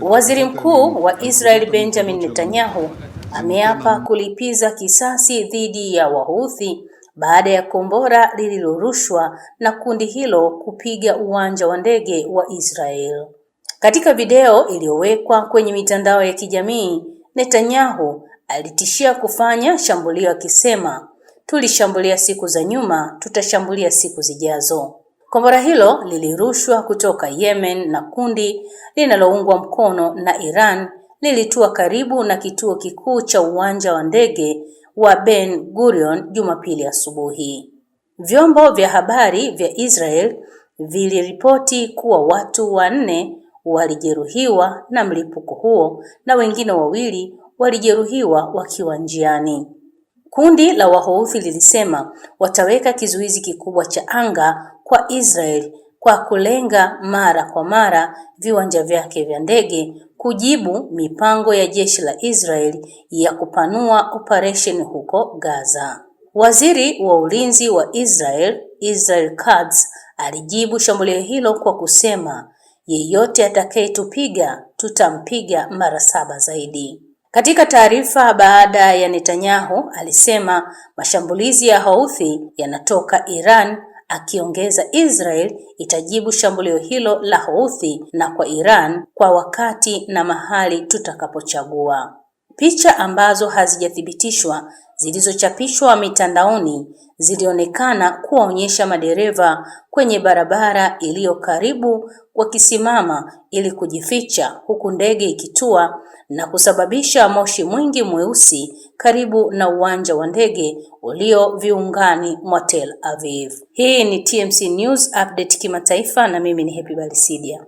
Waziri Mkuu wa Israel Benjamin Netanyahu ameapa kulipiza kisasi dhidi ya Wahuthi baada ya kombora lililorushwa na kundi hilo kupiga uwanja wa ndege wa Israel. Katika video iliyowekwa kwenye mitandao ya kijamii, Netanyahu alitishia kufanya shambulio akisema, tulishambulia siku za nyuma, tutashambulia siku zijazo. Kombora hilo lilirushwa kutoka Yemen na kundi linaloungwa mkono na Iran lilitua karibu na kituo kikuu cha uwanja wa ndege wa Ben Gurion Jumapili asubuhi. Vyombo vya habari vya Israel viliripoti kuwa watu wanne walijeruhiwa na mlipuko huo na wengine wawili walijeruhiwa wakiwa njiani. Kundi la Wahouthi lilisema wataweka kizuizi kikubwa cha anga kwa Israel kwa kulenga mara kwa mara viwanja vyake vya ndege kujibu mipango ya jeshi la Israel ya kupanua operation huko Gaza. Waziri wa Ulinzi wa Israel, Israel Katz, alijibu shambulio hilo kwa kusema, yeyote atakayetupiga tutampiga mara saba zaidi. Katika taarifa baada ya Netanyahu alisema mashambulizi ya Houthi yanatoka Iran akiongeza Israel itajibu shambulio hilo la Houthi na kwa Iran kwa wakati na mahali tutakapochagua. Picha ambazo hazijathibitishwa zilizochapishwa mitandaoni zilionekana kuwaonyesha madereva kwenye barabara iliyo karibu wakisimama ili kujificha, huku ndege ikitua na kusababisha moshi mwingi mweusi karibu na uwanja wa ndege ulio viungani mwa Tel Aviv. Hii ni TMC News Update kimataifa na mimi ni Happy Balisidia.